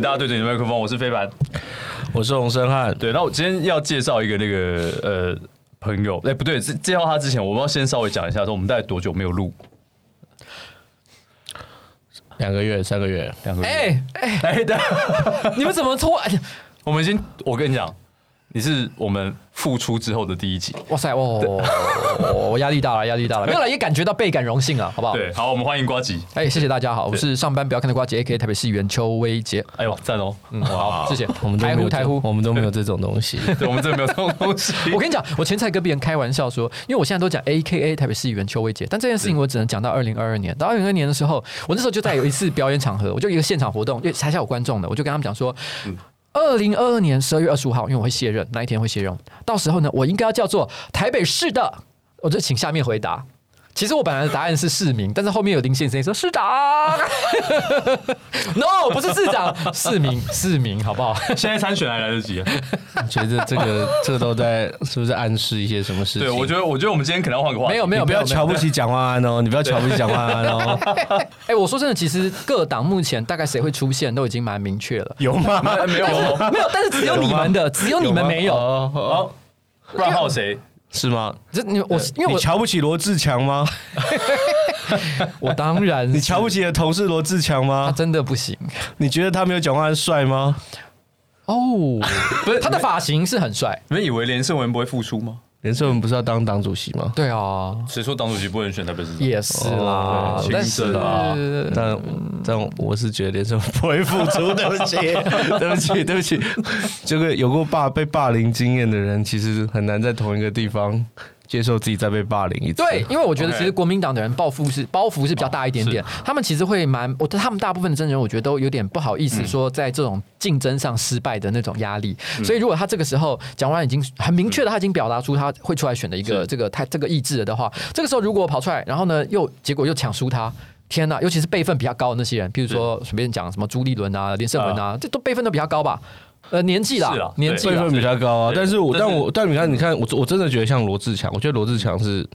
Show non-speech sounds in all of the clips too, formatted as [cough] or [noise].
大家對着你的麥克風，我是非凡，我是洪生翰。對，那我今天要介紹一個那個呃朋友，哎、欸，不對，是介紹他之前，我們要先稍微講一下，說我們大概多久沒有錄？兩個月，三個月，兩個月。哎、欸、哎，來、欸、的，欸、等 [laughs] 你們怎麼突然？ [laughs] 我們已經，我跟你講，你是我們。復出之後的第一集，哇塞，我壓、哦，力大了，壓力大了， [laughs] 沒有了，也感覺到倍感榮幸啊，好不好？對，好，我們歡迎呱吉，哎、hey，謝謝大家好，好，我是上班不要看的呱吉，A K A 台北市議員邱威杰，哎呦，讚哦，嗯，好，好，謝謝， [laughs] 我們台呼台呼我，我們都沒有這種東西，對對我們真的沒有這種東西， [laughs] [laughs] 我跟你講，我前菜跟別人開玩笑說，因為我現在都講 A K A 台北市議員邱威杰，但這件事情我只能講到二零二二年，到二零二二年的時候，我那時候就在有一次表演場合， [laughs] 我就一個現場活動，因為台下有觀眾的，我就跟他們講說。嗯二零二二年十二月二十五號，因為我會卸任，那一天會卸任。到時候呢，我應該要叫做台北市的，我就請下面回答。其實我本來的答案是市民，但是後面有丁先生說市長 [laughs] ，No，不是市長， [laughs] 市民，市民，好不好？現在參選還來得及？覺得這個 [laughs] 這都在是不是暗示一些什麼事情？對我覺得，我覺得我們今天可能要換個話題，沒有沒有，不要瞧不起蔣萬安哦，你不要瞧不起蔣萬安哦、喔。哎、喔 [laughs] 欸，我說真的，其實各黨目前大概誰會出現都已經蠻明確了，有嗎？沒有，沒有，但是只有你們的，有只有你們沒有，不然還有誰？Uh, uh, uh. Runhouse, 是嗎？這你我，我你瞧不起羅智強嗎？ [laughs] 我當然是。你瞧不起的同事羅智強嗎？他真的不行。你覺得他沒有講話帥嗎？哦、oh，不是， [laughs] 他的髮型是很帥。你們以為連勝文不會復出嗎？連勝文不是要當黨主席嗎？對啊，誰說黨主席不能選台北市？也、yes oh, 是，是啦，但是但我是覺得連勝文不會復出， [laughs] 對，不起 [laughs] 對不起，對不起，對不起，這個有過霸被霸凌經驗的人，其實很難在同一個地方。接受自己再被霸凌一次。對，因為我覺得其實國民黨的人包袱是、okay、包袱是比較大一點點。哦、他們其實會蠻，我他們大部分的真人我覺得都有點不好意思說，在這種競爭上失敗的那種壓力。嗯、所以如果他這個時候蔣萬安已經很明確的他已經表達出他會出來選的一個這個他、嗯這個、這個意志的話，這個時候如果跑出來，然後呢又結果又搶輸他，天哪！尤其是輩分比較高的那些人，比如說隨便講什麼朱立倫啊、連勝文啊，啊這都輩分都比較高吧。呃，年紀啦、啊啊，年紀會不會比較高啊，但是我，對對對，但我，但你看，你看我，我真的覺得像羅智強，我覺得羅智強是。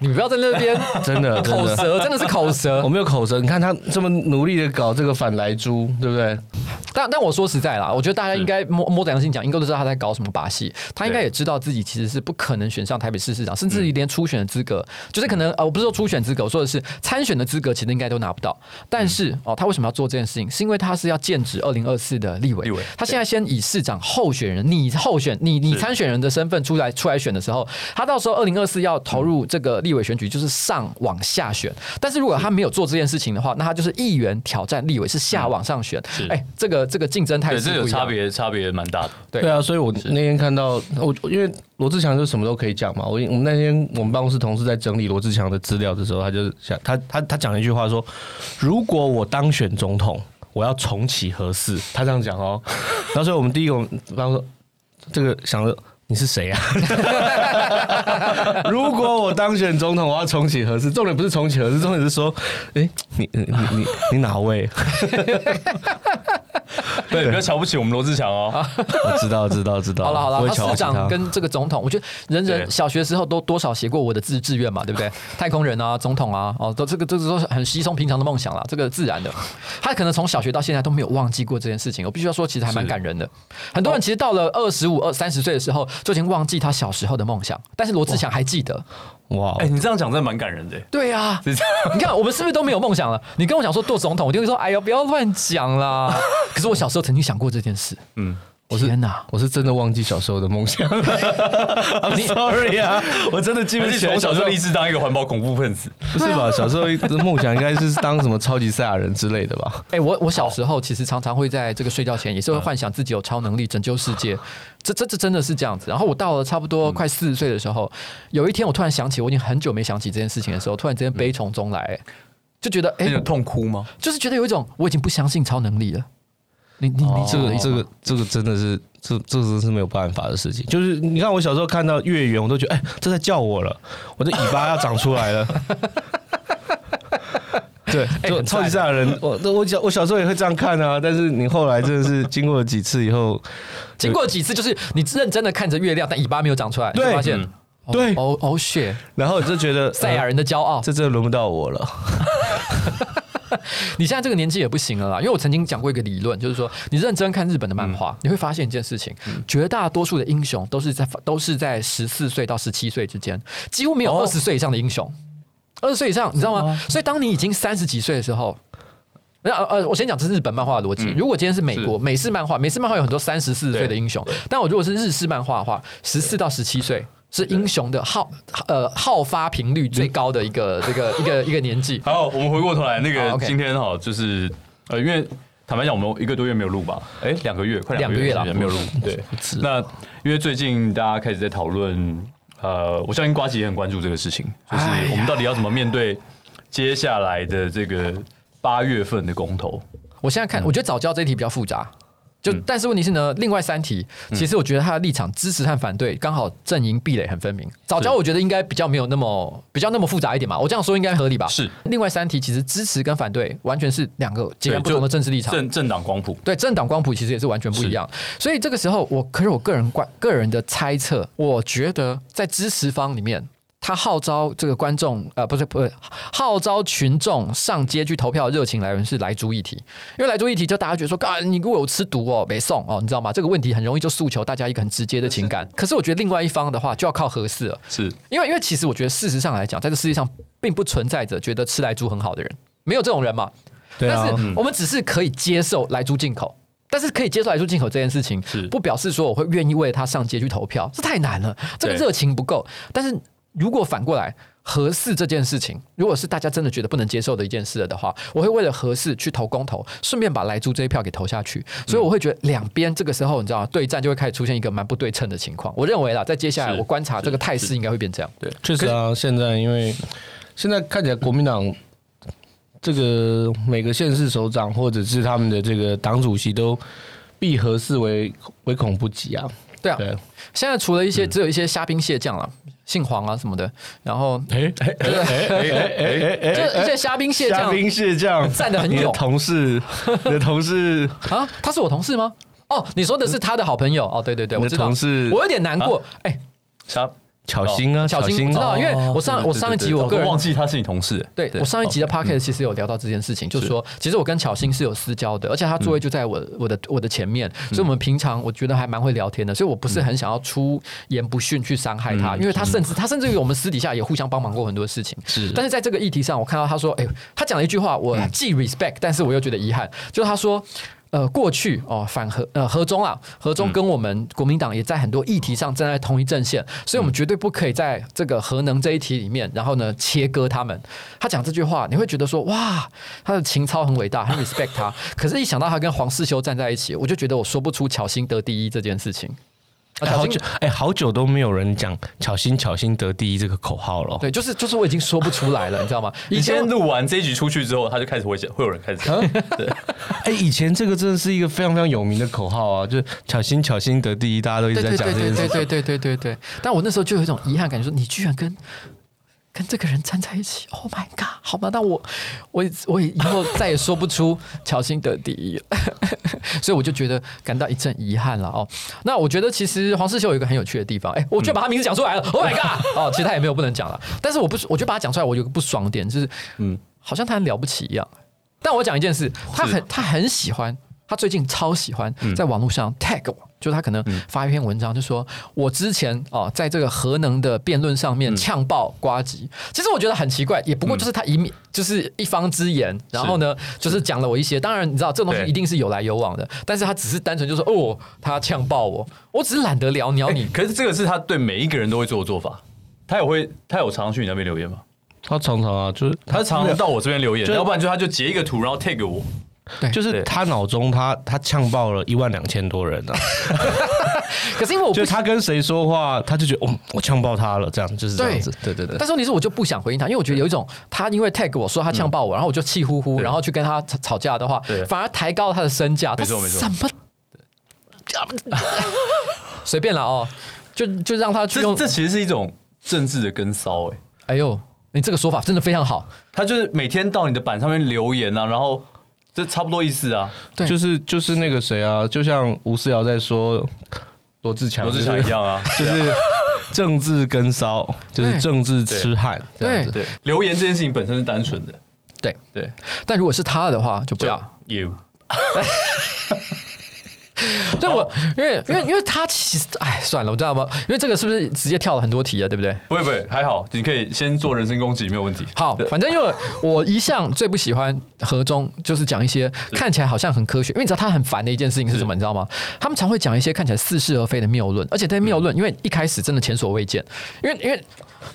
你不要在那邊 [laughs] 真的，真的口舌，真的是口舌。我沒有口舌，你看他這麼努力的搞這個反萊豬，對不對？但但我說實在啦，我覺得大家應該摸摸着良心講，應該都知道他在搞什麼把戲。他應該也知道自己其實是不可能選上台北市市長，甚至於連初選的資格、嗯，就是可能呃，我不是說初選資格，我說的是參選的資格，其實應該都拿不到。但是、嗯、哦，他為什麼要做這件事情？是因為他是要劍指二零二四的立委、立委。他現在先以市長候選人、你候選、你你參選人的身份出來出來選的時候，他到時候二零二四要投入這個。立委選舉就是上往下選，但是如果他沒有做這件事情的話，那他就是議員挑戰立委是下往上選。哎、嗯欸，這個這個競爭太有差別，差別蠻大的。對啊，所以我那天看到我，因為羅智強就什麼都可以講嘛。我我們那天我們辦公室同事在整理羅智強的資料的時候，他就想他他他講了一句話說：“如果我當選總統，我要重啟核四。」他這樣講哦。然後 [laughs] 所以我們第一個我們辦公室這個想着。你是誰啊？ [laughs] 如果我當選總統，我要重啟核四，重點不是重啟核四，重點是說，哎、欸，你你你你哪位？ [laughs] 對，對對，你不要瞧不起我們羅智強哦！啊、我知道，知道，知 [laughs] 道。好了，我好了，他市長跟這個總統， [laughs] 我覺得人人小學時候都多少寫過我的自志志願嘛，對不對？太空人啊，總統啊，哦，都這個都是說很稀鬆平常的夢想了，這個自然的。他可能從小學到現在都沒有忘記過這件事情，我必須要說，其實還蠻感人的。很多人其實到了二十五、二三十歲的時候就已經忘記他小時候的夢想，但是羅智強還記得。哇！哎，你這樣講真的蠻感人的。對呀、啊，你看我們是不是都沒有夢想了？ [laughs] 你跟我講說做總統，我就會說：“哎呦，不要亂講啦！” [laughs] 可是我小時候曾經想過這件事。 [laughs] 嗯。我是天哪，我是真的忘記小時候的夢想了。 [laughs] I'm sorry 啊， [laughs] 我真的記不起來。我小時候一直當一個環保恐怖分子，不是吧？小時候的夢想應該是當什麼超級賽亞人之類的吧？哎、欸，我我小時候其實常常會在這個睡覺前，也是會幻想自己有超能力拯救世界。 [laughs] 這這這真的是這樣子。然後我到了差不多快四十歲的時候、嗯，有一天我突然想起，我已經很久沒想起這件事情的時候，突然之間悲從中來、嗯，就覺得哎，有、欸、痛哭嗎？就是覺得有一種我已經不相信超能力了。你你你，這個這個這個真的是，這這個、真是沒有辦法的事情。就是你看，我小時候看到月圓，我都覺得，哎、欸，這在叫我了，我的尾巴要長出來了。 [laughs] 對，就、欸、超級賽亞人。我我小我小時候也會這樣看啊，但是你後來真的是經過了幾次以後，經過幾次，就是你認真的看着月亮，但尾巴沒有長出來，對，你發現、嗯哦，對，哦哦血。然後我就覺得賽亞人的驕傲、呃，這真的輪不到我了。 [laughs] 你現在這個年紀也不行了啦，因為我曾經講過一個理論，就是說你認真看日本的漫畫，嗯，你會發現一件事情、嗯：絕大多數的英雄都是在都是在十四歲到十七歲之間，幾乎沒有二十歲以上的英雄。二、哦、十歲以上，你知道嗎？嗎所以當你已經三十幾歲的時候，那呃，呃，我先講這是日本漫畫的邏輯。嗯、如果今天是美國是美式漫畫，美式漫畫有很多三十、四十歲的英雄，但我如果是日式漫畫的話，十四到十七歲。是英雄的耗呃，耗發頻率最高的一個這個一個一個年紀。好，我們回過頭來，那個今天哈、okay，就是呃，因為坦白講，我們一個多月沒有錄吧？誒、欸，兩個月，快兩個，個月了，月沒有錄。對， [laughs] 那因為最近大家開始在討論，呃，我相信呱吉也很關注這個事情，就是我們到底要怎麼面對接下來的這個八月份的公投？哎、我現在看，我覺得早教這一題比較複雜。嗯就、嗯，但是問題是呢，另外三題其實我覺得他的立場、嗯、支持和反對剛好陣營壁壘很分明。早教我覺得應該比較沒有那麼比較那麼複雜一點嘛，我這樣說應該合理吧？是。另外三題其實支持跟反對完全是兩個截然不同的政治立場。政政黨光譜。對，政黨光譜其實也是完全不一樣。所以這個時候我可是我個人觀個人的猜測，我覺得在支持方裡面。他號召這個觀眾，呃，不是，不是，不是號召群眾上街去投票的熱情來源是萊豬議題，因為萊豬議題就大家覺得說，啊，你如果有吃毒哦，沒送哦，你知道嗎？這個問題很容易就訴求大家一個很直接的情感。是，可是我覺得另外一方的話就要靠核四了，是因為，因為其實我覺得事實上來講，在這世界上並不存在着覺得吃萊豬很好的人，沒有這種人嘛。對啊。但是我們只是可以接受萊豬進口，但是可以接受萊豬進口這件事情是，不表示說我會願意為他上街去投票，這太難了，這個熱情不夠。但是。如果反過來核四這件事情，如果是大家真的覺得不能接受的一件事了的話，我會為了核四去投公投，順便把萊豬這一票給投下去。所以我會覺得兩邊這個時候，你知道對戰就會開始出現一個蠻不對稱的情況。我認為啦，在接下來我觀察這個態勢，應該會變這樣。對，確實啊。現在因為現在看起來國民黨這個每個縣市首長或者是他們的這個黨主席都避核四為唯恐不及啊對。對啊。現在除了一些只有一些蝦兵蟹將了。姓黃啊什麼的，然後哎哎哎哎哎哎，哎、欸，哎、欸，哎、欸，蝦、欸、兵、欸欸欸、 [laughs] 蟹蝦兵蟹將站哎，很哎，哎，哎，同事，你的同事， [laughs] 你的同事啊，他是我同事嗎？哦，你說的是他的好朋友哦，對對對，我的同事我，我有點難過，哎、啊，啥、欸？巧心啊，巧心，你知道、哦，因為我上對對對我上一集我個人我忘記他是你同事，對，對我上一集的 podcast 其實有聊到這件事情，是就是說，其實我跟巧心是有私交的，而且他座位就在我、嗯、我的我的前面，所以我們平常我覺得還蠻會聊天的，所以我不是很想要出言不遜去傷害他、嗯，因為他甚至、嗯、他甚至於我們私底下也互相幫忙過很多事情，是，但是在這個議題上，我看到他說，哎、欸，他講了一句話，我既 respect，、嗯、但是我又覺得遺憾，就是他說。呃，過去哦，反核呃，核終啊，核終跟我們國民黨也在很多議題上站在同一陣線，嗯，所以我們絕對不可以在這個核能這一題裡面，然後呢，切割他們。他講這句話，你會覺得說哇，他的情操很偉大，很 respect 他。 [laughs] 可是，一想到他跟黃士修站在一起，我就覺得我說不出喬心得第一這件事情。啊欸、好久、欸、好久都沒有人講“巧心巧心得第一”這個口號了。對，就是就是，我已經說不出來了， [laughs] 你知道嗎？以前錄完這一集出去之後，他就開始會會有人開始講、啊。對，哎、 [laughs] 欸，以前這個真的是一個非常非常有名的口號啊，就是“巧心巧心得第一”，大家都一直在講這個。對對對對對對對，對，對，對，對，對，對。 [laughs] 但我那時候就有一種遺憾感覺，說、就是、你居然跟。跟這個人站在一起，Oh my god，好吧，那我，我，我以後再也說不出喬欣的第一了， [laughs] 所以我就覺得感到一陣遺憾了哦。那我覺得其實黃士修有一個很有趣的地方，哎、欸，我就把他名字講出來了，Oh my god，、嗯、哦，其實他也沒有不能講了， [laughs] 但是我不，我就把他講出來，我有個不爽點就是，嗯，好像他很了不起一樣。但我講一件事，他很他很喜歡，他最近超喜歡在網絡上 tag 我。就他可能發一篇文章，就說我之前哦，在這個核能的辯論上面嗆爆呱吉。其實我覺得很奇怪，也不過就是他一面就是一方之言，然後呢，就是講了我一些。當然，你知道這個東西一定是有來有往的，但是他只是單純就是說哦，他嗆爆我，我只是懶得聊，聊。你要、欸、你，可是這個是他對每一個人都會做的做法。他也會，他有常常去你在那邊留言嗎？他常常啊，就是他常常到我這邊留言，要不然就他就截一個圖然後貼給我。對，就是他腦中他他嗆爆了一萬兩千多人呢、啊。 [laughs] 可是因為我就他跟誰說話，他就覺得、哦、我我嗆爆他了，這樣就是這樣子，對對對,對,對,對對。但是問題是，我就不想回應他，因為我覺得有一種他因為 tag 我說他嗆爆我、嗯，然後我就氣呼呼，然後去跟他吵吵架的話，反而抬高了他的身價。沒錯沒錯，怎麼？隨 [laughs] 便了哦、喔，就就讓他去用這。這其實是一種政治的跟騷哎、欸。哎呦，你這個說法真的非常好。他就是每天到你的板上面留言啊，然後。這差不多意思啊，對就是就是那個誰啊，就像吳思瑤在說羅智強，羅智強一樣啊，就是， [laughs] 就是政治跟騷，就是政治痴漢，對對，對，留言這件事情本身是單純的，對對，對，但如果是他的話，就不要就 you。 [laughs] [laughs] 對，我因為因為因為他其實，哎，算了，你知道嗎？因為這個是不是直接跳了很多題啊，對不對？不會不會，還好，你可以先做人身攻擊，嗯、沒有問題。好，反正因為我一向最不喜歡核終，就是講一些看起來好像很科學。因為你知道他很煩的一件事情是什麼？你知道嗎？他們常會講一些看起來似是而非的謬論，而且這些謬論、嗯，因為一開始真的前所未見。因為因為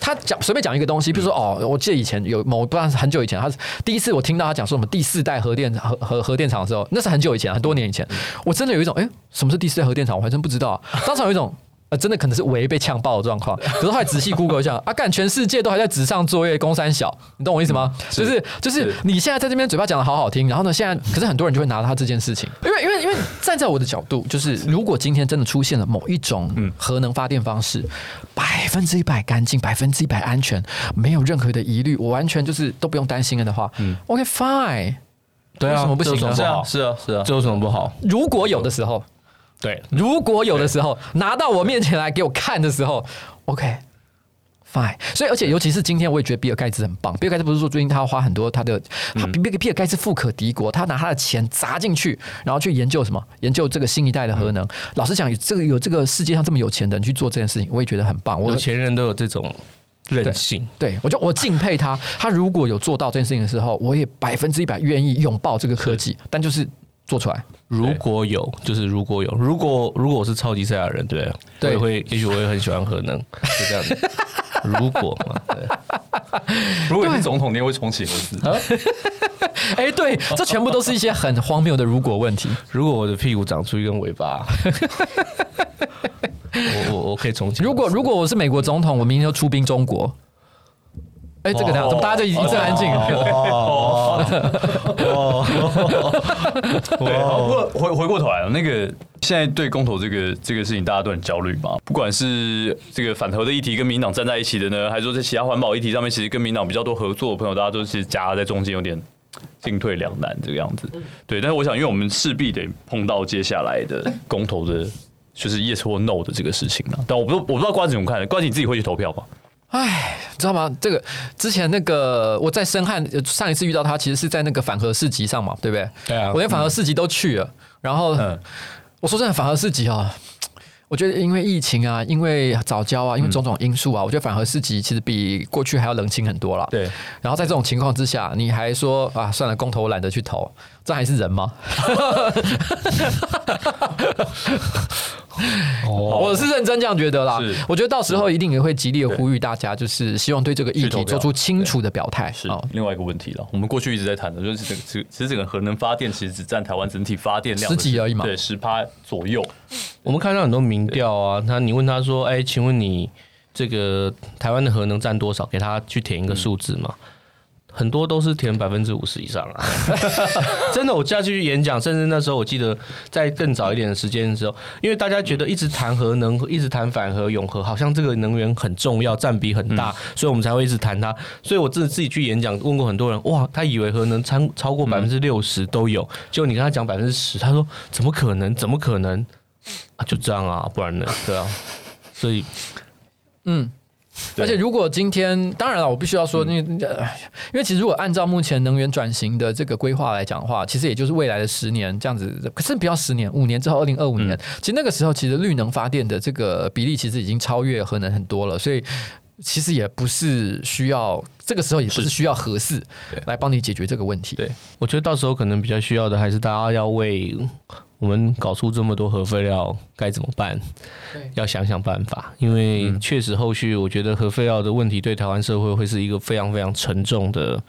他講隨便講一個東西，比如說哦，我記得以前有某段很久以前，他是第一次我聽到他講說什麼第四代核電核核核電廠的時候，那是很久以前，很多年以前、嗯，我真的有一種。哎、欸，什麼是第四代核電廠？我還真不知道、啊。當時有一種， [laughs] 呃，真的可能是胃被嗆爆的狀況。可是後來仔細 Google 一下， [laughs] 啊幹，幹全世界都還在紙上作業，工三小，你懂我意思嗎？就、嗯、是就是，就是、你現在在這邊嘴巴講得好好聽，然後呢，現在可是很多人就會拿他這件事情，因為因為因為站在我的角度，就是如果今天真的出現了某一種嗯核能發電方式，百分之一百乾淨，百分之一百安全，沒有任何的疑慮，我完全就是都不用擔心了的話，嗯，OK fine。對啊，什麼不行的？啊什麼不好的？是啊，是啊，這有什麼不好？如果有的時候，對，如果有的時候拿到我面前來給我看的時候，OK，fine、okay。所以，而且尤其是今天，我也覺得比爾蓋茨很棒。比爾蓋茨不是說最近他要花很多他的？他比、嗯、比爾蓋茨富可敵國，他拿他的錢砸進去，然後去研究什麼？研究這個新一代的核能。嗯、老實講，有這個有這個世界上這麼有錢的人去做這件事情，我也覺得很棒。我有錢人都有這種。任性，對，對我就我敬佩他。 [laughs] 他如果有做到這件事情的時候，我也百分之一百願意擁抱這個科技。但就是做出來，如果有，就是如果有，如果如果我是超級賽亞人對，對，我也會，也許我也很喜歡核能， [laughs] 就這樣子。 [laughs] 如果嘛對對，如果你是總統，你也會重啟核四？哎、啊 [laughs] 欸，對，這全部都是一些很荒謬的如果問題。 [laughs] 如果我的屁股長出一根尾巴。 [laughs] 我我我可以重新。如果如果我是美國總統，我明天就出兵中國。哎、欸，這個怎怎麼大家就一在安靜？哦哦哦！對，不過回回過頭來，那個現在對公投這個這個事情，大家都很焦慮嘛。不管是這個反核的議題，跟民進黨站在一起的呢，還是說在其他環保議題上面，其實跟民進黨比較多合作的朋友，大家都是夾在中間，有點進退兩難這個樣子。對，但是我想，因為我們勢必得碰到接下來的公投的。就是 yes 或 no 的這個事情呢，但我不我不知道呱吉怎麼看，呱吉你自己會去投票吧？哎，知道嗎？這個之前那個我在深漢上一次遇到他，其實是在那個反核市集上嘛，對不對？對啊，我連反核市集都去了。嗯、然後、嗯、我說真的反核市集啊，我覺得因為疫情啊，因為藻礁啊，因為種種因素啊、嗯，我覺得反核市集其實比過去還要冷清很多了。對，然後在這種情況之下，你還說啊，算了，公投我懶得去投，這還是人嗎？ [laughs] [laughs] 哦、oh，我是認真這樣覺得啦。是，我覺得到時候一定也會極力的呼籲大家，就是希望對這個議題做出清楚的表態。是，另外一個問題了，我們過去一直在談的，就是整個、其實整個核能發電其實只占台灣整體發電量十幾而已嘛，對，十趴左右。我們看到很多民調啊，那你問他說：“哎、欸，請問你這個台灣的核能占多少？”給他去填一個數字嘛。嗯很多都是填百分之五十以上啊！ [laughs] 真的，我下去演講，甚至那時候我記得在更早一點的時間的時候，因為大家覺得一直談核能，一直談反核、擁核，好像這個能源很重要，占比很大、嗯，所以我們才會一直談它。所以我自自己去演講，問過很多人，哇，他以為核能超過百分之六十都有，結果、嗯、你跟他講百分之十，他說怎麼可能？怎麼可能？啊，就這樣啊，不然呢？對啊，所以，嗯。而且，如果今天，當然了，我必須要說，那、嗯，因為其實如果按照目前能源轉型的這個規劃來講的話，其實也就是未來的十年這樣子，可是比較十年，五年之後，二零二五年、嗯，其實那個時候，其實綠能發電的這個比例其實已經超越核能很多了，所以其實也不是需要，這個時候也不是需要核四來幫你解決這個問題。對，對我覺得到時候可能比較需要的，還是大家要為。我們搞出這麼多核廢料該怎麼辦？嗯、要想想辦法，因為確實後續我覺得核廢料的問題對台灣社會會是一個非常非常沉重的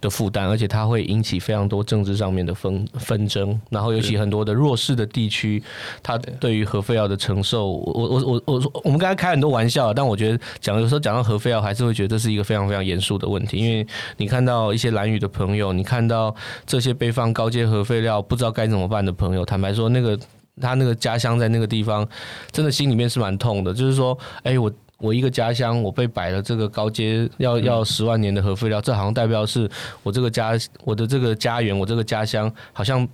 的負擔，而且它會引起非常多政治上面的紛紛爭。然後尤其很多的弱勢的地區，他對，對於核廢料的承受，我我我我我們剛才開很多玩笑，但我覺得講有時候講到核廢料，還是會覺得這是一個非常非常嚴肅的問題。因為你看到一些蘭嶼的朋友，你看到這些被放高階核廢料不知道該怎麼辦的朋友，他。坦白來說，那個他那個家鄉在那個地方，真的心裡面是蠻痛的。就是說，哎、欸，我我一個家鄉，我被擺了這個高階，要、嗯、要十萬年的核廢料，這好像代表是，我這個家，我的這個家園，我這個家鄉，好像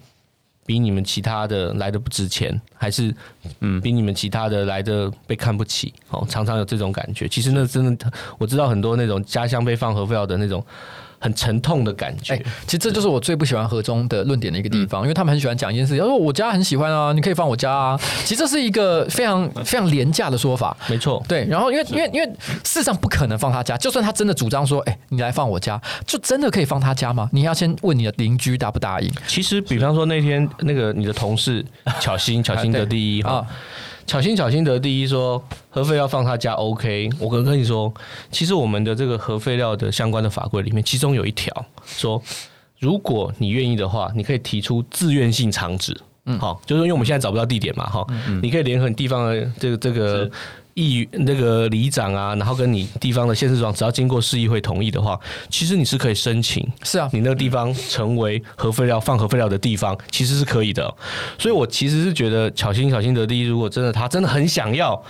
比你們其他的來得不值錢，還是嗯，比你們其他的來得被看不起，哦、嗯喔，常常有這種感覺。其實那真的，我知道很多那種家鄉被放核廢料的那種。很沉痛的感覺、欸。其實這就是我最不喜歡核終的論點的一個地方、嗯，因為他們很喜歡講一件事情。他說，我家很喜歡啊，你可以放我家啊。其實這是一個非常非常廉價的說法。沒錯，對。然後因為因為因為事實上不可能放他家，就算他真的主張說，哎、欸，你來放我家，就真的可以放他家嗎？你要先問你的鄰居答不答應。其實，比方說那天那個你的同事巧心， [laughs] 巧心得第一啊。小心，小心得第一說核廢料放他家，OK？我跟跟你說，其實我們的這個核廢料的相關的法規裡面，其中有一條說，如果你願意的話，你可以提出自願性場址。嗯，好，就是因為我們現在找不到地點嘛，哈、嗯嗯，你可以聯合你地方的這個這個。議那個里長啊，然後跟你地方的縣市長，只要經過市議會同意的話，其實你是可以申請。是啊，你那個地方成為核廢料放核廢料的地方，其實是可以的喔。所以我其實是覺得，小心小心得利，如果真的他真的很想要，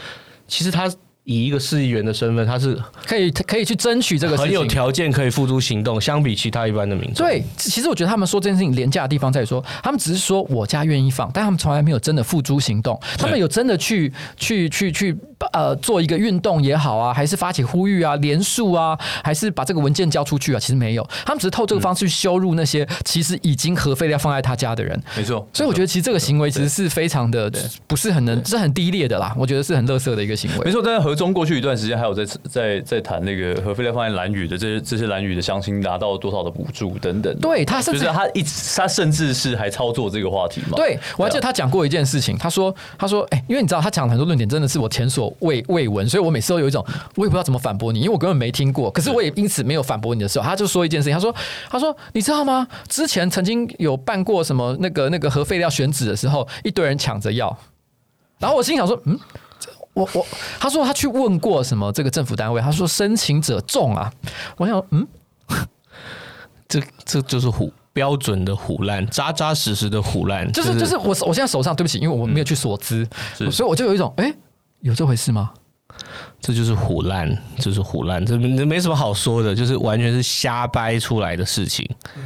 其實他。以一個市議員的身份，他是可以可以去爭取這個，很有條件可以付諸行動，相比其他一般的民眾。對，其實我覺得他們說這件事情廉價的地方在於說，他們只是說我家願意放，但他們從來沒有真的付諸行動。他們有真的去去去去呃，做一個運動也好啊，還是發起呼籲啊，連署啊，還是把這個文件交出去啊，其實沒有。他們只是透過這個方式去羞辱那些其實已經核廢料放在他家的人。沒錯，所以我覺得其實這個行為其實是非常的不是很能是很低劣的啦。我覺得是很垃圾的一個行為。沒錯，但是核中過去一段時間，還有在在在談那個核廢料放在蘭嶼的這些這些蘭嶼的鄉親拿到多少的補助等等。對，他甚至、就是他一他甚至是還操作這個話題嘛？對，我還記得他講過一件事情，他說他說哎、欸，因為你知道他講很多論點真的是我前所未未聞，所以我每次都有一種我也不知道怎麼反駁你，因為我根本沒聽過。可是我也因此沒有反駁你的時候，他就說一件事情，他說他說你知道嗎？之前曾經有辦過什麼那個那個核廢料選址的時候，一堆人搶着要，然後我心想說嗯。我我他說他去問過什麼這個政府單位，他說申請者眾啊，我想嗯，這這就是唬標準的唬爛，扎扎實實的唬爛，就是、就是、就是我我現在手上對不起，因為我沒有去索資、嗯，所以我就有一種哎、欸，有這回事嗎？這就是唬爛，就是唬爛，這這沒什麼好說的，就是完全是瞎掰出來的事情，嗯、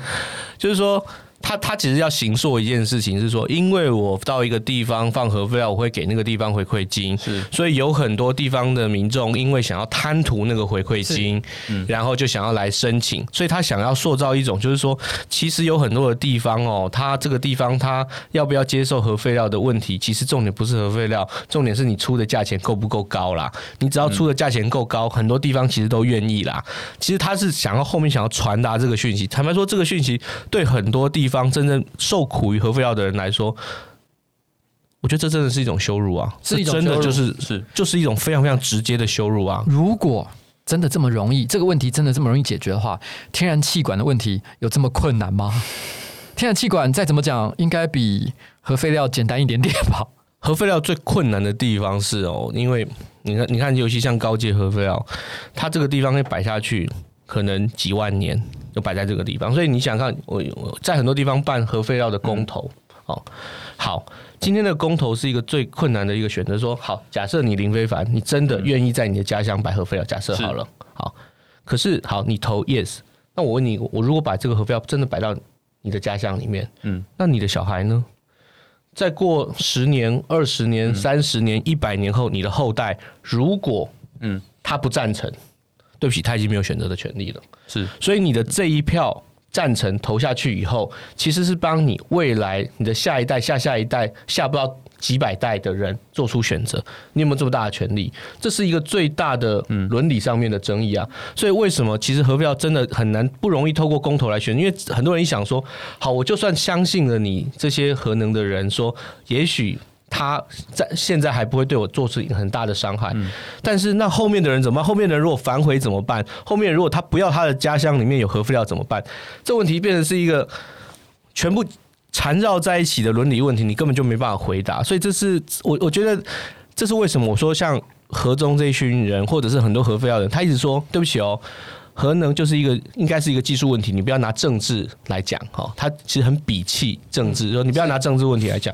就是說。他他其實要形塑一件事情，是說，因為我到一個地方放核廢料，我會給那個地方回饋金，是，所以有很多地方的民眾因為想要貪圖那個回饋金，嗯，然後就想要來申請，所以他想要塑造一種，就是說，其實有很多的地方哦、喔，他這個地方他要不要接受核廢料的問題，其實重點不是核廢料，重點是你出的價錢夠不夠高啦，你只要出的價錢夠高，很多地方其實都願意啦。其實他是想要後面想要傳達這個訊息，坦白說，這個訊息對很多地。方真正受苦於核廢料的人來說，我覺得這真的是一種羞辱啊！是一種真的就是是就是一種非常非常直接的羞辱啊！如果真的這麼容易，這個問題真的這麼容易解決的話，天然氣管的問題有這麼困難嗎？天然氣管再怎麼講，應該比核廢料簡單一點點吧？核廢料最困難的地方是哦，因為你看，你看，尤其像高階核廢料，它這個地方可以擺下去。可能幾萬年就擺在這個地方，所以你想看，我在很多地方辦核廢料的公投、嗯，哦，好，今天的公投是一個最困難的一個選擇。就是、說好，假設你林非凡，你真的願意在你的家鄉擺核廢料，嗯、假設好了，好，可是好，你投 yes，那我問你，我如果把這個核廢料真的擺到你的家鄉裡面，嗯，那你的小孩呢？再過十年、二十年、嗯、三十年、一百年後，你的後代如果嗯，他不贊成。對不起，他已經沒有選擇的權利了。是，所以你的這一票贊成投下去以後，其實是幫你未來你的下一代、下下一代、下不到幾百代的人做出選擇。你有沒有這麼大的權利？這是一個最大的倫理上面的爭議啊！嗯、所以為什麼其實核票真的很難不容易透過公投來選？因為很多人一想說，好，我就算相信了你這些核能的人說，說也許。他在現在還不會對我做出很大的傷害，嗯，但是那後面的人怎麼辦？後面的人如果反悔怎麼辦？後面如果他不要他的家鄉裡面有核廢料怎麼辦？這問題變成是一個全部纏繞在一起的倫理問題，你根本就沒辦法回答。所以這是我我覺得這是為什麼我說像核終這一群人，或者是很多核廢料的人，他一直說對不起哦，核能就是一個應該是一個技術問題，你不要拿政治來講哈，哦。他其實很鄙棄政治，說、嗯、你不要拿政治問題來講。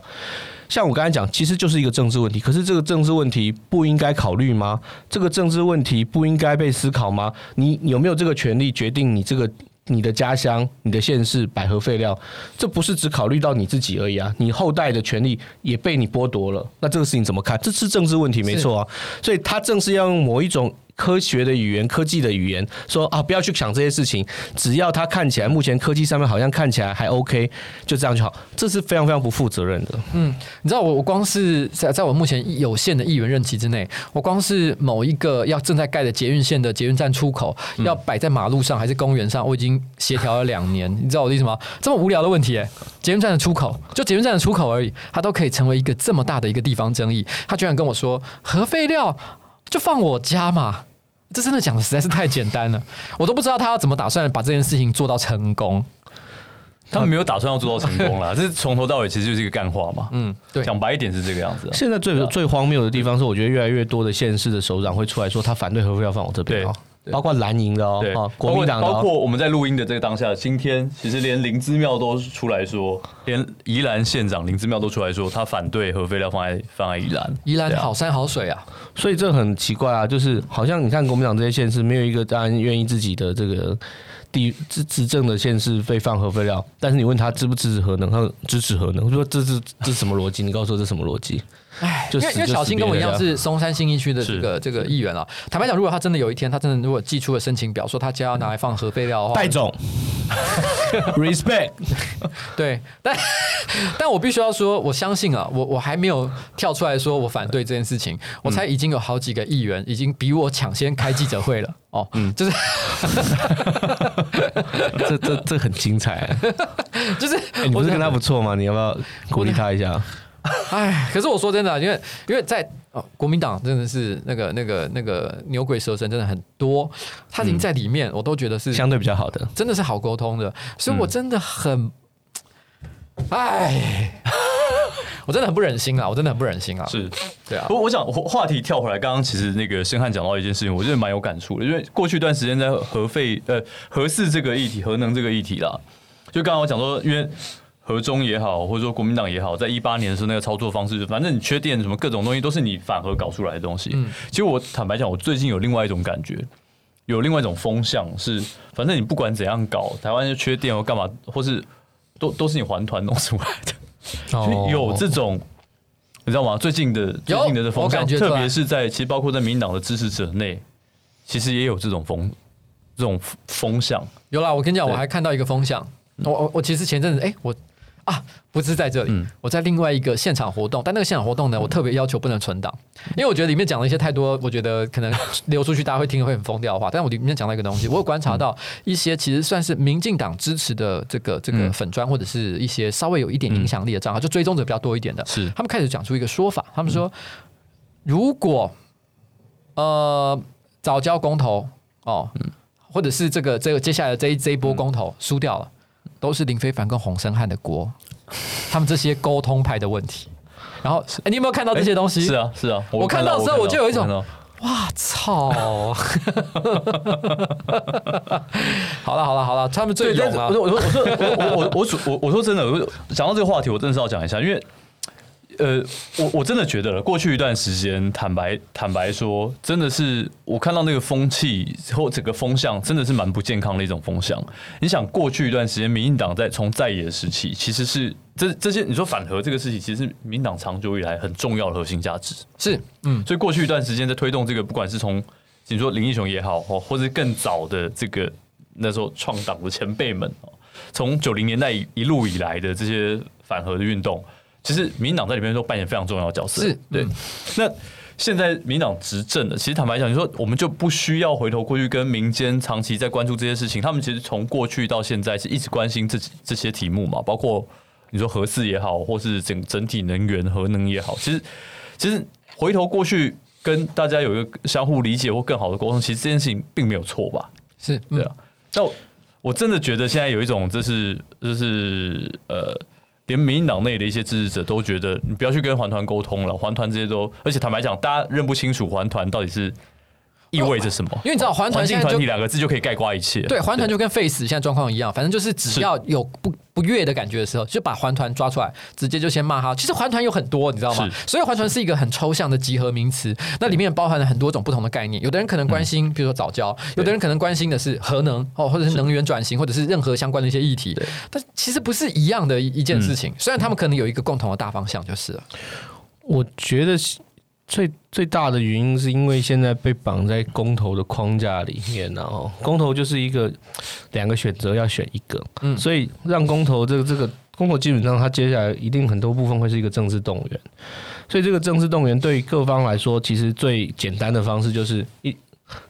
像我剛才講，其實就是一個政治問題。可是這個政治問題不應該考慮嗎？這個政治問題不應該被思考嗎？你，你有沒有這個權利決定你這個你的家鄉、你的縣市擺核廢料？這不是只考慮到你自己而已啊！你後代的權利也被你剝奪了。那這個事情怎麼看？這是政治問題，沒錯啊。所以他正是要用某一種。科學的語言，科技的語言，說啊，不要去想這些事情，只要它看起來，目前科技上面好像看起來還 OK，就這樣就好。這是非常非常不負責任的。嗯，你知道我我光是在在我目前有限的議員任期之內，我光是某一個要正在蓋的捷運線的捷運站出口、嗯、要擺在馬路上還是公園上，我已經協調了兩年。 [laughs] 你知道我的意思嗎？這麼無聊的問題、欸，捷運站的出口，就捷運站的出口而已，他都可以成為一個這麼大的一個地方爭議。他居然跟我說，核廢料就放我家嘛。這真的講的實在是太簡單了， [laughs] 我都不知道他要怎麼打算把這件事情做到成功。他們沒有打算要做到成功啦， [laughs] 這是從頭到尾其實就是一個乾話嘛。嗯，對，講白一點是這個樣子啊。現在最最荒謬的地方是，我覺得越來越多的縣市的首長會出來說他反對核廢料要放我這邊啊。包括藍營的哦、喔，對，國民黨的喔、包、喔、括、喔、包括我們在錄音的這個當下，今天其實連林姿妙都出來說，連宜蘭縣長林姿妙都出來說，他反對核廢料放在放在宜蘭。宜蘭好山好水啊，所以這很奇怪啊，就是好像你看國民黨這些縣市，沒有一個當然願意自己的這個地執執政的縣市被放核廢料，但是你問他支不支持核能，他支持核能。我說，這是這是什麼邏輯？ [laughs] 你告訴我這是什麼邏輯？哎，因為因為小新跟我一樣是松山信義區的這個這個議員啊，坦白講，如果他真的有一天，他真的如果寄出了申請表，說他家要拿來放核廢料的話，戴總 [laughs] [laughs] Respect 對，但但我必須要說，我相信啊，我我還沒有跳出來說我反對這件事情。嗯、我猜已經有好幾個議員已經比我搶先開記者會了。哦，嗯，就是 [laughs] [laughs] 這，這這這很精彩、欸，就是我、欸、你不是跟他不錯嗎，你要不要鼓勵他一下？哎， [laughs] 可是我說真的、啊，因為因為在哦，國民黨真的是那個那個那個牛鬼蛇神真的很多，他已經在裡面，我都覺得是、嗯、相對比較好的，真的是好溝通的，所以我真的很，哎、嗯，我真的很不忍心啊，我真的很不忍心啊，是對啊。不過我我想話題跳回來，剛剛其實那個申漢講到一件事情，我覺得蠻有感觸的，因為過去一段時間在核廢呃核四這個議題、核能這個議題啦，就剛剛我講說，因為。核終也好，或者說國民黨也好，在一八年的時候那個操作方式，反正你缺電什麼各種東西都是你反核搞出來的東西。嗯，其實我坦白講，我最近有另外一種感覺，有另外一種風向是，是反正你不管怎樣搞，台灣就缺電或幹嘛，或是都都是你環團弄出來的。哦、有這種你知道嗎？最近的最近的風向，特別是在其實包括在民進黨的支持者內，其實也有這種風這種風向。有啦，我跟你講，我還看到一個風向，嗯、我我我其實前陣子哎、欸、我。啊，不是在這裡，嗯，我在另外一個現場活動，但那個現場活動呢，我特別要求不能存檔，嗯，因為我覺得裡面講了一些太多，我覺得可能流出去大家會聽會很瘋掉的話。但我裡面講到一個東西，我有觀察到一些其實算是民進黨支持的這個這個粉專，嗯、或者是一些稍微有一點影響力的賬號、嗯，就追蹤者比較多一點的，是他們開始講出一個說法，他們說，嗯、如果呃藻礁公投哦，嗯，或者是這個這個接下來這一這一波公投輸掉了，都是林飛帆跟洪申翰的鍋，他們這些溝通派的問題。然後、欸，你有沒有看到這些東西？欸、是啊，是啊。我看到之後，我，的時候我就有一種，哇操 [laughs] [laughs] [laughs] [laughs] [laughs] [laughs] 好了，好了，好了，他們最有。我說，我說，我我我我說我我說真的，講到這個話題，我真的是要講一下，因為。呃，我我真的覺得了，過去一段時間，坦白坦白說，真的是我看到那個風氣或整個風向，真的是蠻不健康的一種風向。你想，過去一段時間，民進黨在從在野時期，其實是這這些你說反核這個事情，其實是民進黨長久以來很重要的核心價值，是嗯，所以過去一段時間在推動這個，不管是從你說林義雄也好，或或者更早的這個那時候創黨的前輩們，從九零年代一路以來的這些反核的運動。其實民進黨在裡面都扮演非常重要的角色，是，對， [laughs] 那現在民進黨執政了，其實坦白講，你說我們就不需要回頭過去跟民間長期在關注這些事情，他們其實從過去到現在是一直關心這這些題目嘛，包括你說核四也好，或是整整體能源核能也好，其實其實回頭過去跟大家有一個相互理解或更好的溝通，其實這件事情並沒有錯吧？是對啊。但、嗯、我我真的覺得現在有一種就是就是呃。連民進黨內的一些支持者都覺得，你不要去跟環團溝通了，環團這些都，而且坦白講，大家認不清楚環團到底是意味着什麼、哦？因為你知道，環團現在就一兩個字就可以概括一切。對，環團就跟廢死現在狀況一樣，反正就是只要有不不悅的感覺的時候，就把環團抓出來，直接就先罵他，其實環團有很多，你知道嗎？所以環團是一個很抽象的集合名詞，那裡面包含了很多種不同的概念。有的人可能關心，比、嗯、如說藻礁；有的人可能關心的是核能哦，或者是能源轉型，或者是任何相關的一些議題。但其實不是一樣的一件事情、嗯，雖然他們可能有一個共同的大方向，就是了。我覺得。最最大的原因是因為現在被綁在公投的框架裡面、啊，然後公投就是一個兩個選擇要選一個、嗯，所以讓公投這個這個公投基本上它接下來一定很多部分會是一個政治動員，所以這個政治動員對於各方來說其實最簡單的方式就是一。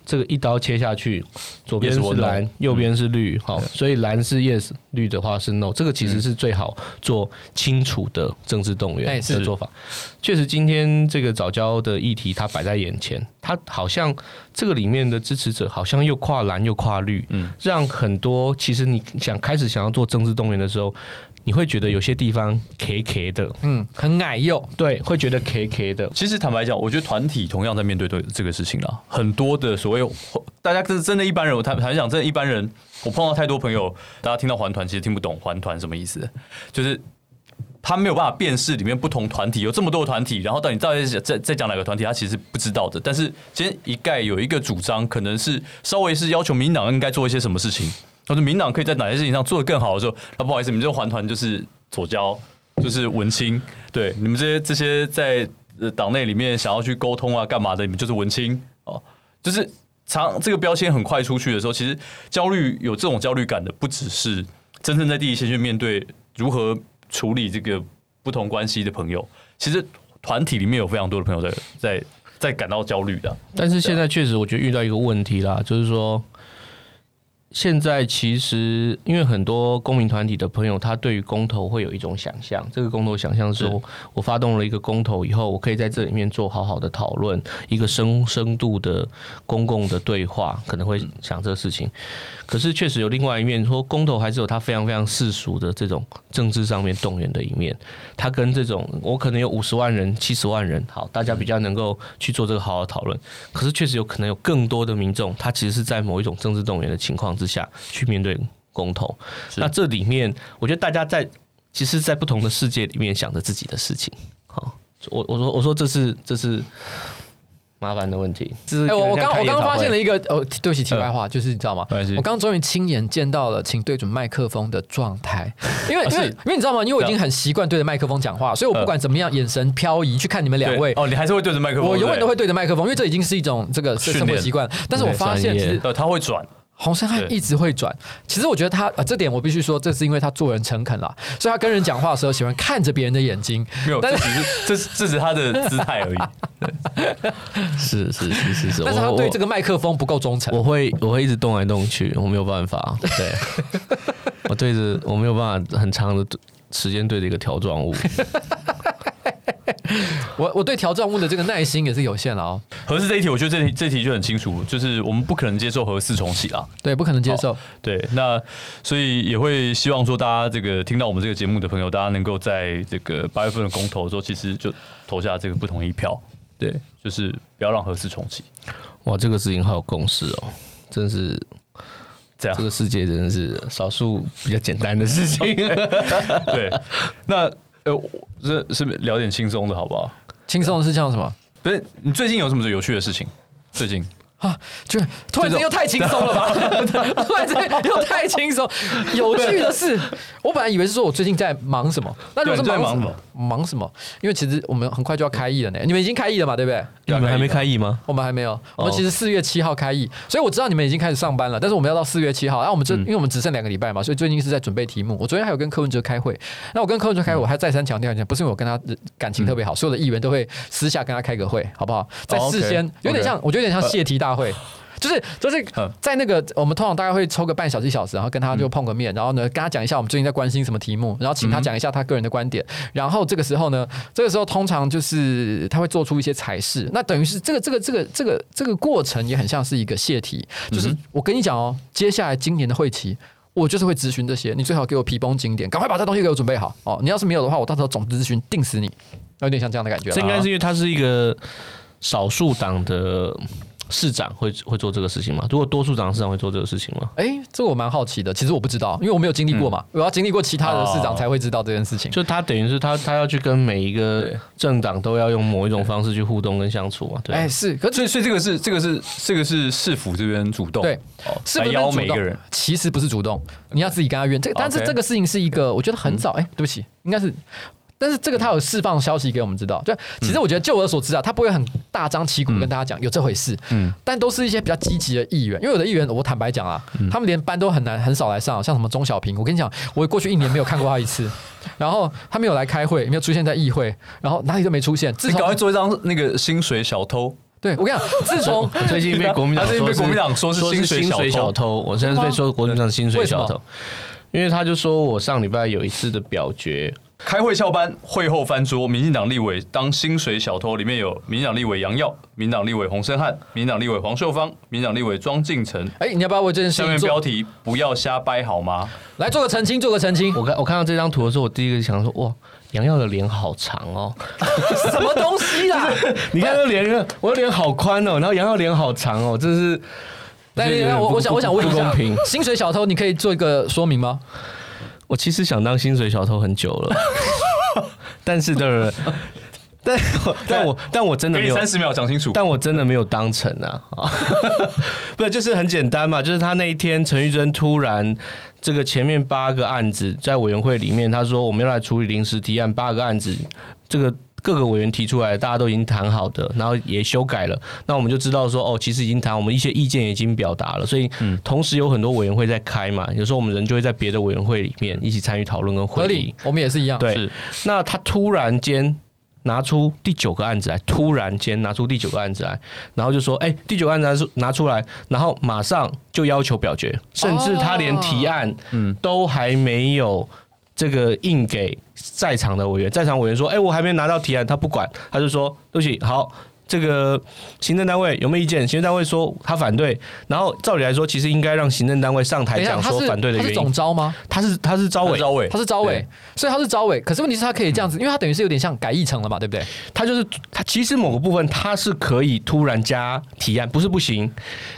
這個一刀切下去，左邊是藍，嗯、右邊是綠，好、哦嗯，所以藍是 yes，綠的話是 no，這個其實是最好做清楚的政治動員的做法。嗯、確實，今天這個藻礁的議題它擺在眼前，它好像這個裡面的支持者好像又跨藍又跨綠，嗯，讓很多其實你想開始想要做政治動員的時候。你會覺得有些地方 K K 的，嗯，很矮幼。對，會覺得 K K 的。其實坦白講，我覺得團體同樣在面對對這個事情了。很多的所謂大家這是真的一般人，我坦坦白講，真的一般人，我碰到太多朋友，大家聽到環團其實聽不懂環團什麼意思，就是他沒有辦法辨識裡面不同團體，有這麼多團體，然後到底到底在在講哪個團體，他其實不知道的。但是今天一概有一個主張，可能是稍微是要求民進黨應該做一些什麼事情。我說民黨可以在哪些事情上做得更好的時候，那不好意思，你們這個環團就是左膠，就是文青，對，你們這些這些在呃、黨內裡面想要去溝通啊，幹嘛的，你們就是文青哦，就是常這個標籤很快出去的時候，其實焦慮有這種焦慮感的不只是真正在第一線去面對如何處理這個不同關係的朋友，其實團體裡面有非常多的朋友在在在感到焦慮的。但是現在確實我覺得遇到一個問題啦，就是說。現在其實，因為很多公民團體的朋友，他對於公投會有一種想象。這個公投想象是說，我發動了一個公投以後，我可以在這裡面做好好的討論，一個深深度的公共的對話，可能會想這個事情、嗯。可是確實有另外一面，說公投還是有它非常非常世俗的這種政治上面動員的一面。他跟這種我可能有五十萬人、七十萬人，好，大家比較能夠去做這個好好的討論、嗯。可是確實有可能有更多的民眾，他其實是在某一種政治動員的情況。之下去面對公投，那這裡面我覺得大家在其實，在不同的世界裡面想着自己的事情。好、哦，我我說我說這是這是麻煩的問題。這是哎、欸，我剛剛我剛我剛發現了一個呃、哦，對不起題外話、呃，就是你知道嗎？我剛終於親眼見到了，請對準麥克風的狀態，因為因為，因為你知道嗎？因為我已經很習慣對着麥克風講話，所以我不管怎麼樣，眼神漂移、呃、去看你們兩位。哦，你還是會對着麥克風，我永遠都會對着麥克風，因為這已經是一種這個生活習慣。但是我發現呃，他會轉。洪勝還一直會轉，其實我覺得他呃這點我必須說，這是因為他做人誠懇啦，所以他跟人講話的時候喜歡看着別人的眼睛。沒有，但是這是這是，這是他的姿態而已。對 [laughs] 是是是是是，但是他對這個麥克風不夠忠誠。我會我會一直動來動去，我沒有辦法。對，我對着我沒有辦法很長的時間對着一個條狀物。 [laughs] [laughs] 我我對條狀物的這個耐心也是有限了哦。核四這一題，我覺得這題這題就很清楚，就是我們不可能接受核四重啟了。對，不可能接受。對，那所以也會希望說，大家這個聽到我們這個節目的朋友，大家能夠在這個八月份的公投的時候，其實就投下這個不同意票。 [laughs] 對，就是不要讓核四重啟。哇，這個事情好有共識哦，真是這樣，這個世界真的是少數比較簡單的事情。 [laughs] [laughs] 對，那。哎，這是聊點輕鬆的好不好？輕鬆是講什麼？不是，你最近有什麼有趣的事情？最近。啊！就突然間又太輕鬆了吧？ [laughs] 突然間又太輕鬆。 [laughs] 有趣的是，我本來以為是說我最近在忙什麼。那如果在忙,忙什麼？忙什麼？因為其實我們很快就要開議了呢。你們已經開議了嘛？對不對？對你們還沒開議嗎？我們還沒有。我們其實四月七號開議，所以我知道你們已經開始上班了。但是我們要到四月七號。後、啊、我們只、嗯、因為我們只剩兩個禮拜嘛，所以最近是在準備題目。我昨天還有跟柯文哲開會。那我跟柯文哲開會，嗯、我還再三強調一下，不是因為我跟他感情特別好、嗯，所有的議員都會私下跟他開個會，好不好？在、哦、事先 okay, okay, 有點像，我覺得有點像洩題大。呃他會就是就是在那個、嗯、我們通常大概會抽個半小時一小時，然後跟他就碰個面，然後呢跟他講一下我們最近在關心什麼題目，然後請他講一下他個人的觀點、嗯。然後這個時候呢，這個時候通常就是他會做出一些裁示，那等於是這個這個這個這個這個過程也很像是一個洩題。就是我跟你講哦，接下來今年的會期，我就是會質詢這些，你最好給我皮繃緊點，趕快把這東西給我準備好哦。你要是沒有的話，我到時候總質詢定死你，有點像這樣的感覺。這、啊、應該是因為他是一個少數黨的。市長會會做這個事情嗎？如果多數長市長會做這個事情嗎？哎、欸，這個我蠻好奇的。其實我不知道，因為我沒有經歷過嘛、嗯。我要經歷過其他的市長才會知道這件事情。就他等於是他，他要去跟每一個政黨都要用某一種方式去互動跟相處啊。對，哎、欸、是，是，所以所以這個是這個是這個是市府這邊主動，對，喔、市府這邊主動，要邀每個人其實不是主動，你要自己跟他約這個。但是這個事情是一個，我覺得很早。哎、嗯欸，對不起，應該是。但是這個他有釋放的消息給我們知道，就其實我覺得就我所知啊，他不會很大張旗鼓跟大家講、嗯、有這回事，嗯，但都是一些比較積極的議員，因為有的議員我坦白講啊、嗯，他們連班都很難很少來上，像什麼鍾小平，我跟你講，我過去一年沒有看過他一次， [laughs] 然後他沒有來開會，沒有出現在議會，然後哪裡都沒出現。你趕快做一張那個薪水小偷，對，我跟你講，自從 [laughs] 最近被國民黨， [laughs] 他最近被國民黨說、說、說是薪水小偷，我現在被說國民黨的薪水小偷，因為他就說我上禮拜有一次的表決。開會翹班，會後翻桌，民進黨立委當薪水小偷，裡面有民進黨立委楊曜、民進黨立委洪申翰、民進黨立委黃秀芳、民進黨立委莊競程。哎、欸，你要不要為這件新聞標題不要瞎掰好嗎？來做個澄清，做個澄清。我看我看到這張圖的時候，我第一個想說，哇，楊曜的臉好長哦， [laughs] 什麼東西啊、就是？你看這臉，我的臉好寬哦，然後楊曜臉好長哦，這是。但、就是、我想，我想問一下，薪水小偷，你可以做一個說明嗎？我其實想當薪水小偷很久了， [laughs] 但是對， [laughs] 但是， [laughs] 但但我但我真的沒有三十秒講清楚，但我真的沒有當成啊， [laughs] [laughs] 不是就是很簡單嘛，就是他那一天陳玉珍突然這個前面八個案子在委員會裡面，他說我們要來處理臨時提案八個案子，這個。各個委員提出來，大家都已經談好的，然後也修改了。那我們就知道說，哦，其實已經談，我們一些意見已經表達了。所以，同時有很多委員會在開嘛，有時候我們人就會在別的委員會裡面一起參與討論跟會議，合理。我們也是一樣。對，那他突然間拿出第九個案子來，突然間拿出第九個案子來，然後就說，哎、欸，第九個案子拿出來，然後馬上就要求表決，甚至他連提案嗯都還沒有。這個印給在場的委員，在場委員說：“哎、欸，我還沒拿到提案，他不管。”他就說：“對不起，好，這個行政單位有沒有意見？”行政單位說：“他反對。”然後照理來說，其實應該讓行政單位上台講說反對的原因。他是他是總召嗎？他是他是召委，召委他是召委，所以他是召委。可是問題是他可以這樣子，嗯、因為他等於是有點像改議程了吧？對不對？他就是他其實某個部分他是可以突然加提案，不是不行。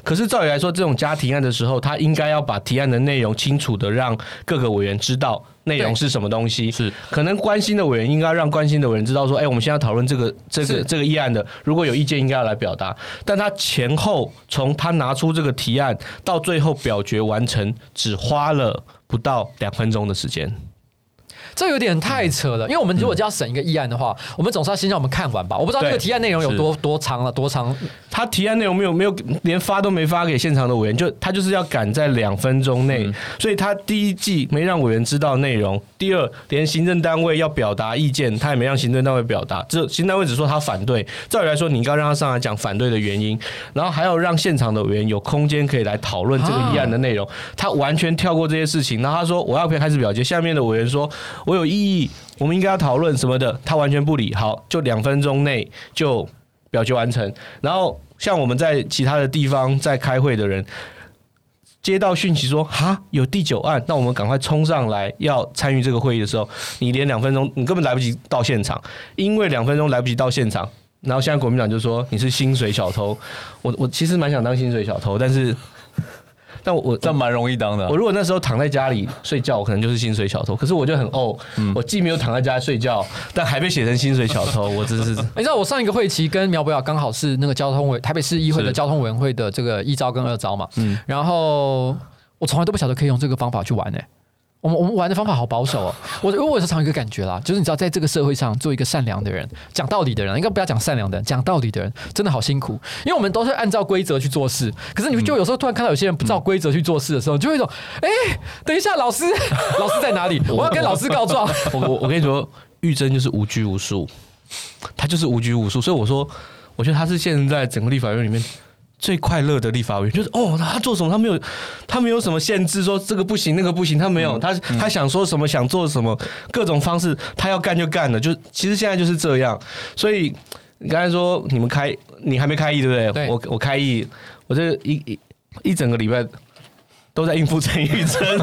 可是照理來說，這種加提案的時候，他應該要把提案的內容清楚的讓各個委員知道。內容是什麼東西？是可能關心的委員，應該讓關心的委員知道說，哎、欸，我們現在討論這個這個這個議案的，如果有意見應該要來表達。但他前後從他拿出這個提案到最後表決完成，只花了不到兩分鐘的時間。這有點太扯了，因為我們如果要審一個議案的話，嗯、我們總是要先讓我們看完吧。我不知道這個提案內容有多多長了，多長？他提案內容沒有沒有連發都沒發給現場的委員，就他就是要趕在兩分鐘內、嗯，所以他第一季沒讓委員知道內容。第二，連行政單位要表達意見，他也沒讓行政單位表達，只有行政單位只說他反對。照理來說，你應該讓他上來講反對的原因，然後還要讓現場的委員有空間可以來討論這個議案的內容。他完全跳過這些事情，然後他說我要可以開始表決。下面的委員說我有異議，我們應該要討論什麼的，他完全不理。好，就兩分鐘內就表決完成。然後像我們在其他的地方在開會的人。接到訊息說哈，有第九案，那我們趕快衝上來要參與這個會議的時候，你連兩分鐘你根本來不及到現場，因為兩分鐘來不及到現場，然後現在國民黨就說你是薪水小偷，我我其實蠻想當薪水小偷，但是。但我但蠻、嗯、容易當的、啊。我如果那時候躺在家裡睡覺，我可能就是薪水小偷。可是我就很哦、oh, 嗯，我既沒有躺在家裡睡覺，但還被寫成薪水小偷。我真是、 [laughs] 欸。你知道我上一個會期跟苗博雅剛好是那個交通委、台北市議會的交通委員會的這個一招跟二招嘛。嗯。然後我從來都不曉得可以用這個方法去玩誒、欸。我們我們玩的方法好保守哦。我我我時常有一個感覺啦，就是你知道，在這個社會上做一個善良的人、講道理的人，應該不要講善良的人，講道理的人真的好辛苦。因為我們都是按照規則去做事，可是你們就有時候突然看到有些人不照規則去做事的時候，就會說：“哎、嗯欸，等一下，老師、嗯，老師在哪裡？我要跟老師告狀。”我我我跟你說，玉珍就是無拘無束，他就是無拘無束，所以我說，我覺得他是現在整個立法院裡面。最快樂的立法委員就是哦，他做什麼他沒有他沒有什麼限制，說這個不行那個不行，他沒有、嗯、他他想說什麼想做什麼各種方式他要幹就幹的，就其實現在就是這樣。所以你剛才說你們開你還沒開議對不對？對，我我開議，我這一一一整個禮拜。都在應付陳玉珍，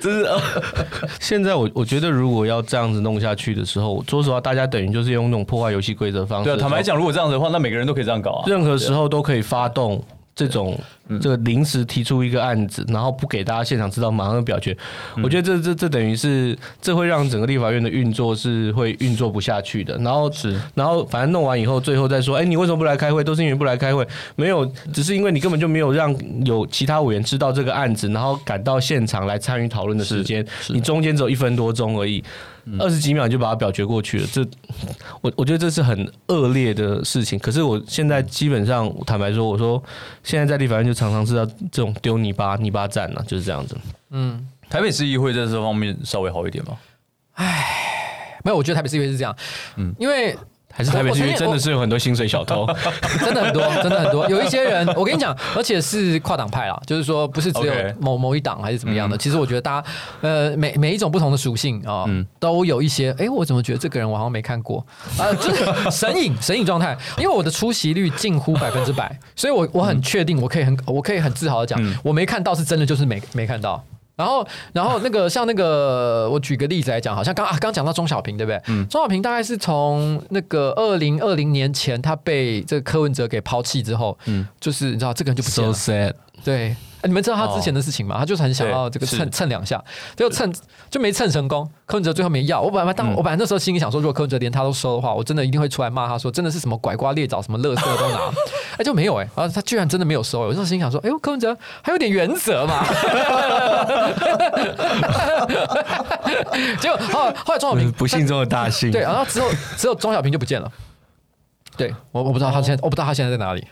這是、啊、 [laughs] 現在我我覺得如果要這樣子弄下去的時候，說實話，大家等於就是用那種破壞遊戲規則方式。對、啊，坦白講，如果這樣子的話，那每個人都可以這樣搞啊，任何時候都可以發動。這種這個臨時提出一個案子，嗯，然後不給大家現場知道，馬上就表決，嗯，我覺得這這這等於是這會讓整個立法院的運作是會運作不下去的。然後是，然後反正弄完以後，最後再說，哎，欸，你為什麼不來開會？都是因為不來開會，沒有，只是因為你根本就沒有讓有其他委員知道這個案子，然後趕到現場來參與討論的時間，你中間只有一分多鐘而已。嗯、二十幾秒就把它表決過去了，這我我覺得這是很惡劣的事情。可是我現在基本上坦白說，我說現在在立法院就常常是要這種丟泥巴、泥巴戰呢、啊，就是這樣子。嗯，台北市議會在這方面稍微好一點吧？哎，沒有，我覺得台北市議會是這樣，嗯，因為。還是台北區真的是有很多薪水小偷，真的很多，真的很多。 [laughs] 有一些人，我跟你講，而且是跨黨派啦，就是說不是只有某、okay. 某一黨還是怎麼樣的。嗯、其實我覺得，大家呃，每每一種不同的屬性啊、呃嗯，都有一些。哎、欸，我怎麼覺得這個人我好像沒看過啊？呃就是、神隱， [laughs] 神隱狀態，因為我的出席率近乎百分之百，所以我我很確定、嗯，我可以很我可以很自豪的講、嗯，我沒看到是真的，就是沒沒看到。然後，然後那個像那個， [laughs] 我舉個例子來講好像剛啊，剛，剛講到鍾小平，對不對？嗯，鍾小平大概是從那個二零二零年前，他被這個柯文哲給拋棄之後，嗯，就是你知道這個人就不行、So sad，對。對欸、你們知道他之前的事情嗎？哦、他就是很想要這個蹭、欸、蹭兩下，就蹭就沒蹭成功。柯文哲最後沒要我本來當、嗯、我本來那時候心裡想說，如果柯文哲連他都收的話，我真的一定會出來罵他說，真的是什麼拐瓜裂棗，什麼樂色都拿，哎、 [laughs] 欸、就沒有哎、欸，然、啊、後他居然真的沒有收、欸。我就心想說，哎呦，柯文哲還有點原則嘛。 [laughs] [laughs] [laughs] 結果後後來鍾小平不幸中的大幸，對，然後只有只有鍾小平就不見了。對，我我不知道他現在、哦、我不知道他現在在哪裡。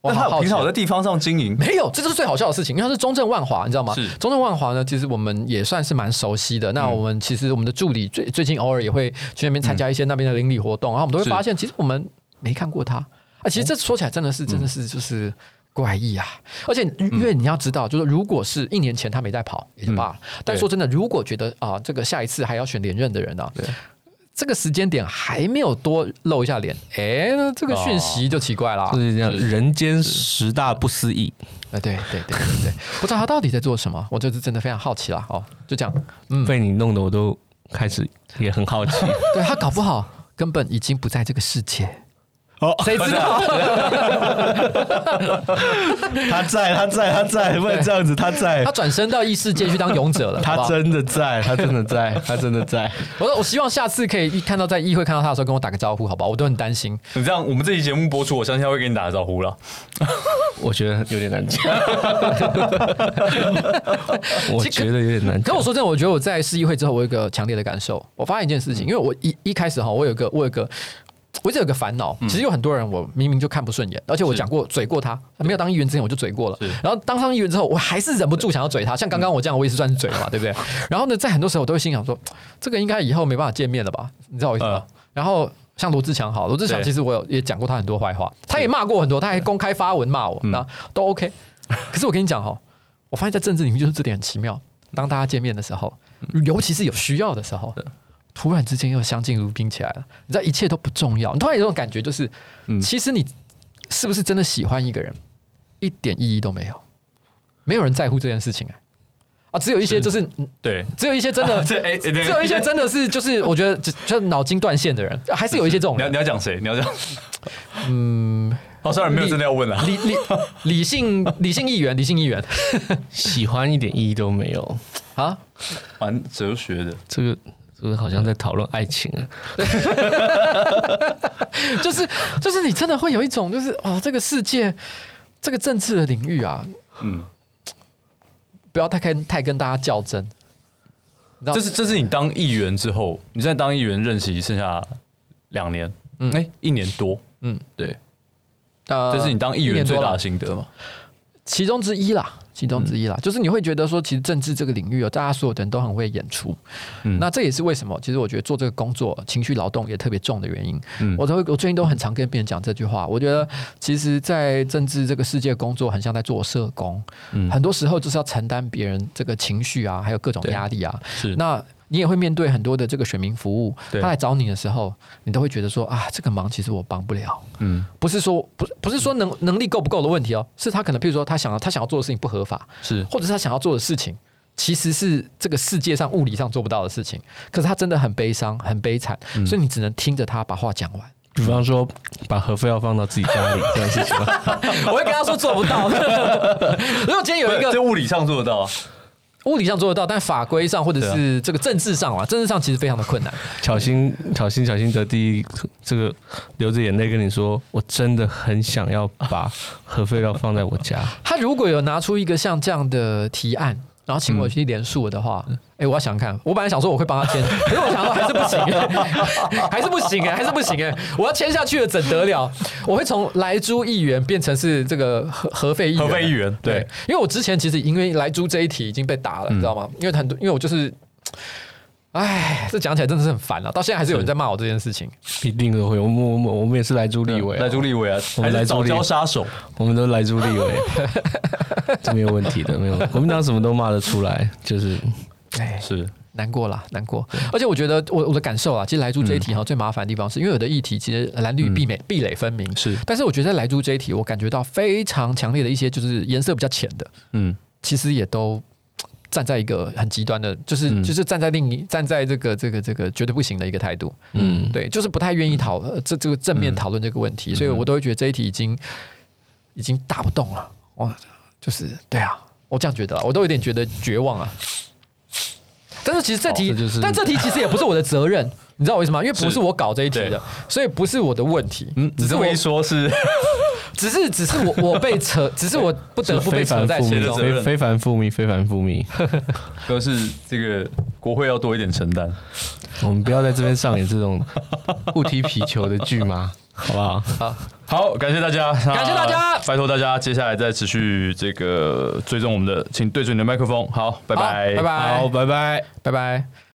但他有平常我在地方上經營，沒有，這就是最好笑的事情。因為他是中正萬華，你知道嗎？是中正萬華呢，其實我們也算是蠻熟悉的。嗯、那我們其實我們的助理最最近偶爾也會去那邊參加一些那邊的鄰里活動、嗯、然後我們都會發現，其實我們沒看過他啊。其實這說起來真的是、哦、真的是就是怪異啊。而且、嗯、因為你要知道，就是如果是一年前他沒在跑也、嗯、就罷了，但說真的，如果覺得啊這個下一次還要選連任的人呢、啊？對這個時間點還沒有多露一下臉，誒，這個訊息就奇怪了。哦，就是這樣，人間十大不思議。啊，對對對對，對對對對 [laughs] 不知道他到底在做什麼，我就是真的非常好奇了。哦，就這樣，嗯，被你弄得，我都開始也很好奇。 [laughs] 對，他搞不好根本已經不在這個世界。哦，誰知道？ [laughs] 他在，他在，他在，不能這樣子。他在，他轉身到異世界去當勇者了好不好。他真的在，他真的在，他真的在。我說，我希望下次可以看到在議會看到他的時候，跟我打個招呼，好不好？我都很擔心。你這樣，我們這期節目播出，我相信他會跟你打個招呼了。 [laughs] 我覺得有點難講。 [laughs] [laughs] 我覺得有點難講。跟我說真的，我覺得我在市議會之後，我有一個強烈的感受，我發現一件事情，嗯、因為我一一開始哈，我有個，我有個。我一直有個煩惱，其實有很多人，我明明就看不順眼，嗯、而且我講過，嘴過他，沒有當議員之前我就嘴過了，然後當上議員之後，我還是忍不住想要嘴他，像剛剛我這樣，嗯、我也是算是嘴嘛，對不對、嗯。然後呢，在很多時候我都會心想說，這個應該以後沒辦法見面了吧。你知道我意思嗎？呃、然後像羅智強，好，羅智強其實我也講過他很多壞話，他也罵過很多，他還公開發文罵我，那都 OK、嗯。可是我跟你講哈、哦，我發現在政治裡面就是這點很奇妙，當大家見面的時候，尤其是有需要的時候。嗯突然之間又相敬如賓起來了，你知道一切都不重要。你突然有這種感覺就是、嗯，其實你是不是真的喜歡一個人，一點意義都沒有，沒有人在乎這件事情哎、欸，啊，只有一些就是，是對，只有一些真的、啊欸那個、只有一些真的是就是我覺得就就腦筋斷線的人、啊，還是有一些這種。你要你要講誰？你要講嗯，我雖然沒有真的要問了、啊。理理理，理性理性議員理性議員，議員 [laughs] 喜歡一點意義都沒有啊，蠻哲學的這個。是不是好像在討論愛情啊 [laughs] ， [laughs] 就是就是你真的會有一種就是啊、哦，這個世界這個政治的領域啊，嗯，不要太開太、太跟大家較真，這是這是你當議員之後，嗯、你在當議員任期剩下兩年，哎、嗯，一年多，嗯，對，這是你當議員最大的心得嘛、呃，其中之一啦。其中之一啦、嗯，就是你會覺得說，其實政治這個領域有、哦、大家所有的人都很會演出、嗯，那這也是為什麼，其實我覺得做這個工作情緒勞動也特別重的原因。嗯、我都會，我最近都很常跟別人講這句話。我覺得，其實，在政治這個世界工作，很像在做社工、嗯，很多時候就是要承擔別人這個情緒啊，還有各種壓力啊，是那。你也會面對很多的這個選民服務，他來找你的時候，你都會覺得說啊，這個忙其實我幫不了。嗯，不是說不不是說能、嗯、能力夠不夠的問題哦，是他可能譬如說他想要他想要做的事情不合法，是或者是他想要做的事情其實是這個世界上物理上做不到的事情，可是他真的很悲傷很悲慘、嗯，所以你只能聽着他把話講完。嗯、比方說把核廢料放到自己家裡 [laughs] 這件事情， [laughs] 我會跟他說做不到。 [laughs] [laughs] [laughs] 如果今天有一個在物理上做得到啊。物理上做得到，但法規上或者是這個政治上啊,啊，政治上其實非常的困難。小 [laughs] 心、小心、小心得第一，這個流着眼淚跟你說，我真的很想要把核廢料放在我家。 [laughs] 他如果有拿出一個像這樣的提案。然後請我去連署的話，嗯欸，我要想看。我本來想說我會幫他簽， [laughs] 可是我想說還是不行，欸 [laughs] 還是不行欸，還是不行哎，欸，還是不行我要簽下去了，怎得了？我會從萊豬議員變成是這個核核廢議員，議員對。對，因為我之前其實因為萊豬這一題已經被打了，嗯，知道嗎？因為很多，因為我就是。哎，這講起來真的是很煩了、啊、到現在還是有人在罵我這件事情，一定會。我們我們我,我,我,我們也是萊豬立委，萊豬立委啊我們立，還是藻礁殺手，我們,委 [laughs] 我們都萊豬立委， [laughs] 這沒有問題的，沒有。我們講什麼都罵得出來，就是是難過了，難過,難過。而且我覺得我我的感受啊，其實萊豬這一題哈，最麻煩的地方是因為有的議題其實藍綠壁壘、嗯、壁壘分明是，但是我覺得萊豬這一題，我感覺到非常強烈的一些就是顏色比較淺的，嗯，其實也都。站在一個很極端的，就是、嗯、就是站在另一站在這個這個這個絕對不行的一個態度，嗯，對，就是不太願意討、嗯、這這個正面討論這個問題、嗯，所以我都會覺得這一題已經已經打不動了，哇，就是對啊，我這樣覺得，我都有點覺得絕望啊。但是其實這題、哦這就是、但這題其實也不是我的責任， [laughs] 你知道為什麼？因為不是我搞這一題的，所以不是我的問題。嗯，你這麼一說是是，是。 [laughs] 只是，只是我我被扯，只是我不得不被扯在其中。是是非凡覆滅，非凡覆滅，都 [laughs] 是這個國會要多一點承擔。我們不要在這邊上演這種不踢皮球的劇嘛， [laughs] 好不好，好？好，感謝大家，啊、感謝大家，拜托大家接下來再持續這個追蹤我們的，請對準你的麥克風。好，拜拜，拜拜，好，拜拜，拜拜。拜拜。